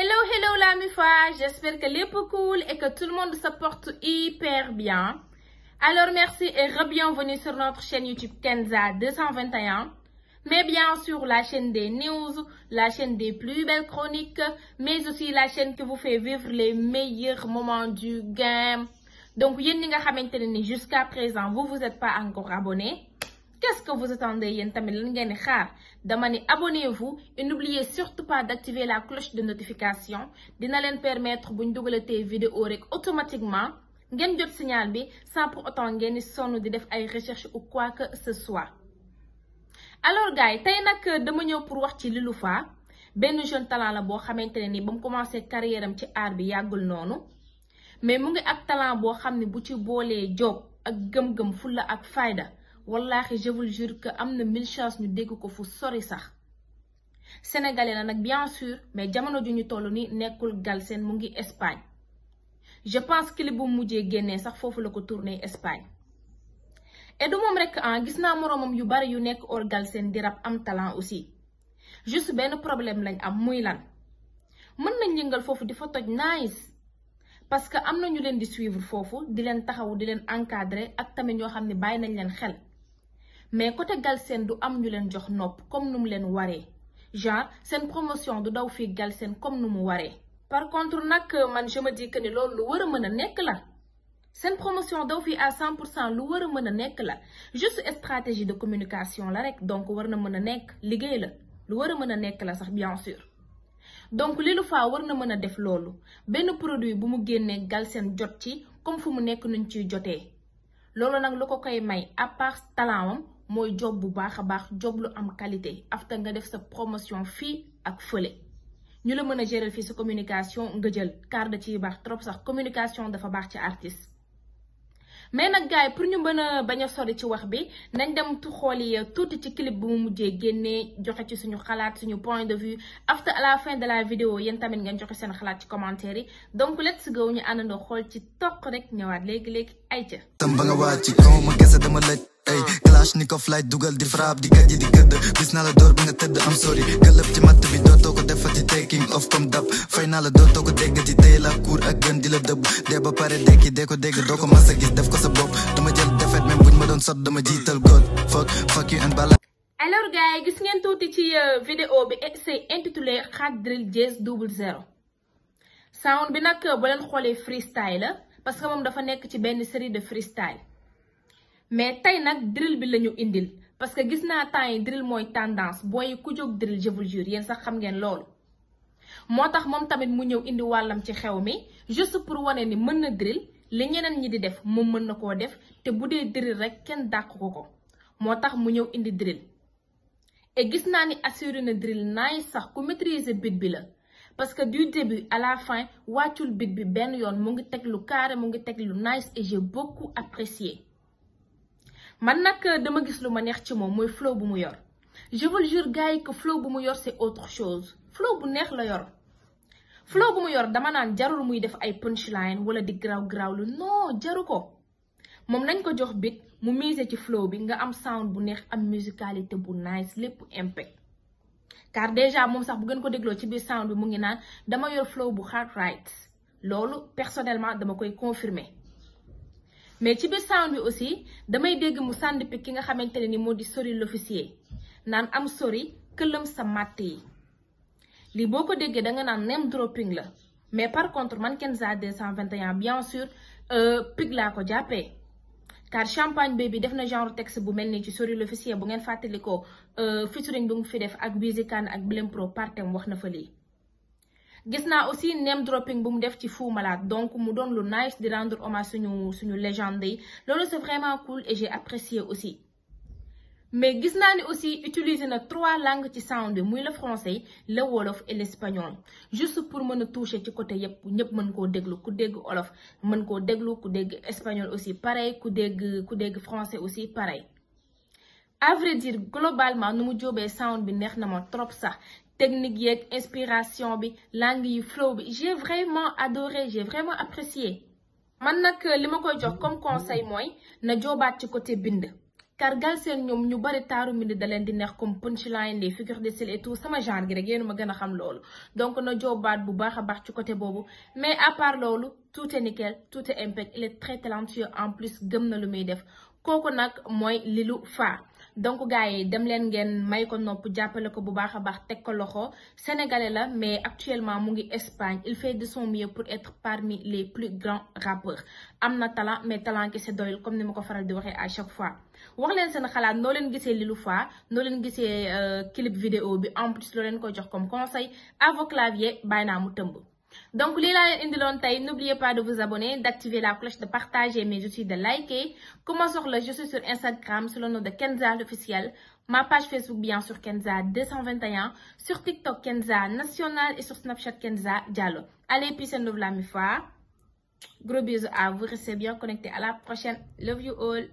Hello, hello la MUFA, j'espère que l'époque cool et que tout le monde se porte hyper bien. Alors merci et re-bienvenue sur notre chaîne YouTube Kenza 221, mais bien sûr la chaîne des news, la chaîne des plus belles chroniques, mais aussi la chaîne qui vous fait vivre les meilleurs moments du game. Donc, jusqu'à présent, vous vous êtes pas encore abonné. qu'est-ce que vous attendez yéen tamit lan ngeen di xaar dama ni abonnez-vous et n'oubliez surtout pas d'activer la cloche de notification dina leen permettre buñ dugalatee vidéo rek automatiquement ngeen jot signal bi sans pour ngeen di sonn di def ay recherche ou quoi que ce soit. alors gars yi tey nag euh, dama ñëw pour wax ci Liloufa benn jeune talent la boo xamante ne ni ba mu commencé carrière ci aar bi yàggul noonu mais mu ngi ak talent boo xam ne bu ci boolee job ak gëm-gëm ak fayda. wallaahi je vous jur que am na mille chance ñu dégg ko fu sori sax sénégalais la nag bien sûr mais jamono ju ñu toll ni nekkul Galsen mu ngi Espagne je pense clip bu mujjee génnee sax foofu la ko tourné Espagne et du moom rek ah, gis naa moroomam yu bari yu nekk or Galsen di rab am talent aussi juste benn problème lañ am muy lan mën nañ yëngal foofu di fa toj nice parce que am na ñu leen di suivre foofu di leen taxawu di leen encadrer ak tamit ñoo xam ne bàyyi nañ leen xel mais côté Galsen du am ñu leen jox nop comme nu leen waré genre sen promotion du daw fi Galsen comme nu mu par contre nak euh, man je me dis que ni loolu wëra mëna nekk la sen promotion daw fi à 100% lu wëra mëna mën nekk la juste stratégie de communication la rek donc warna mëna mën nekk liggéey la lu wëra mëna nekk la sax bien sûr. donc lilu Fa warna mëna def loolu ben produit bu mu génnee Galsen jot ci comme fu mu nekk nuñ ci joté loolu nak lu ko koy may à part talent mooy job bu baax a baax job lu am qualité afta nga def sa promotion fii ak fële ñu la mën a gérer fii sa communication nga jël car da ciy baax trop sax communication dafa baax ci artiste. mais nag gars pour ñu mën a bañ a sori ci wax bi nañ dem tu xool xooli tuuti ci clip bu mu mujjee génnee joxe ci suñu xalaat suñu point de vue after à la fin de la vidéo yéen tamit ngeen joxe seen xalaat ci commentaire yi donc let's go ñu àndandoo xool ci toq rek ñëwaat léegi léegi ay ca. كلاشنيكوف لايت دوغال دي فراب دي كادي دي كد بيسنا لا دور بنا تد ام سوري قلبتي مات بي دور توكو دفا تي تيكينج اوف كوم دب فاينال دور توكو ديك دي تي لا كور اجن دي لدب دابا باري ديكي ديكو ديك دوكو ماسا دف دفكو سبوب دوما جل دفت من بوين مدون دون صد دوما جيتال جود فوك فوك يو ان بالا الور جاي جس نين tuuti تي euh, vidéo bi c'est intitulé Khadril Jazz double zero sound bi nag boo leen xoolee freestyle la parce que moom dafa nekk ci benn série de freestyle mais tey nag drill bi la ñu indil parce que gis naa temps yi drill mooy tendance booy ku jóg drill je vous jure sax xam ngeen loolu. moo tax moom tamit mu ñëw indi wàllam ci xew mi juste pour wane ni mën na drill li ñeneen ñi di def moom mën na koo def te bu dee drill rek kenn dàq ko ko moo tax mu ñëw indi drill. et gis naa ni assuré na drill naay sax ku maîtriser bit bi la parce que du début à la fin wàccul bit bi benn yoon mu ngi teg lu carré mu ngi teg lu nice et j'ai beaucoup apprécié. man nag euh, dama gis lu ma neex ci moom mooy flow bu mu yor je jour jure yi que flow bu mu yor c'est autre chose flow bu neex la yor flow bu mu yor dama naan jarul muy def ay punchline wala di graw graw lu noo jaru ko moom nañ ko jox bit mu mise ci flow bi nga am sound bu neex am musicalité bu nice lépp impact car déjà moom sax bu gën ko dégloo ci biir sound bi mu ngi naan dama yor flow bu hard right loolu personnellement dama koy confirmer mais ci biir sound bi aussi damay dégg mu sàndipi ki nga xamante ne ni moo di sori l'officier naan am sori këlëm sa màtt yi lii boo ko déggee da nga naan name dropping la mais par contre man Kenza 221 bien sûr euh, pig laa ko jàppee car champagne bi def na genre texte bu mel nii ci sori l'officier bu ngeen fàttali ko euh, featuring bi mu fi def ak Wizzy Kane ak Blm Pro partem wax na fa lii gis naa aussi name dropping bu mu def ci Fou Malade donc mu doon lu nice di rendre hommage suñu suñu légende yi loolu c'est vraiment cool et j'ai aussi mais gis naa ni aussi utiliser na trois langues ci sound bi muy le français le wolof et l'espagnol juste pour mën a toucher ci côté yëpp ñëpp mën koo déglu ku dégg olof mën koo déglu ku dégg espagnol aussi pareil ku dégg ku dégg français aussi pareil à vrai dire globalement nu mu joobee sound bi neex na ma trop sax technique yeeg inspiration bi langue yi flow bi j'ai vraiment adoré j'ai vraiment apprécié man nag li ma koy jox comme conseil mooy na joobaat ci côté bind car Galsen ñoom ñu bari taaru mbind da leen di neex comme punchline des figures de style et tout sama genre gi rek yéen ma gën a xam loolu donc na joobaat bu baax a baax ci côté boobu mais à part loolu tout est nickel tout est impeccable il est très talentueux en plus gëm na lu muy def kooku nag mooy Lilou Fa donc gars yi dem leen ngeen may ko nopp jàppale ko bu baax a baax teg ko loxo sénégalais la mais actuellement mu ngi Espagne il fait de son mieux pour être parmi les plus grands rappeurs am na talent mais talent kese doyul comme ni ma ko faral di waxee à chaque fois wax leen seen xalaat noo leen gisee Lilou Fa noo leen gisee euh, clip vidéo bi en plus loo leen ko jox comme conseil à vos claviers bàyyi naa mu tëmb donc lila laa une n'oubliez pas de vous abonner d'activer la cloche de partager mais aussi de liker Comment sur le je suis sur Instagram sous le nom de Kenza l'officiel ma page Facebook bien sûr Kenza 221 sur TikTok Kenza national et sur Snapchat Kenza Diallo allez puis c'est voir la mi fois gros bisous à vous restez bien connectés à la prochaine love you all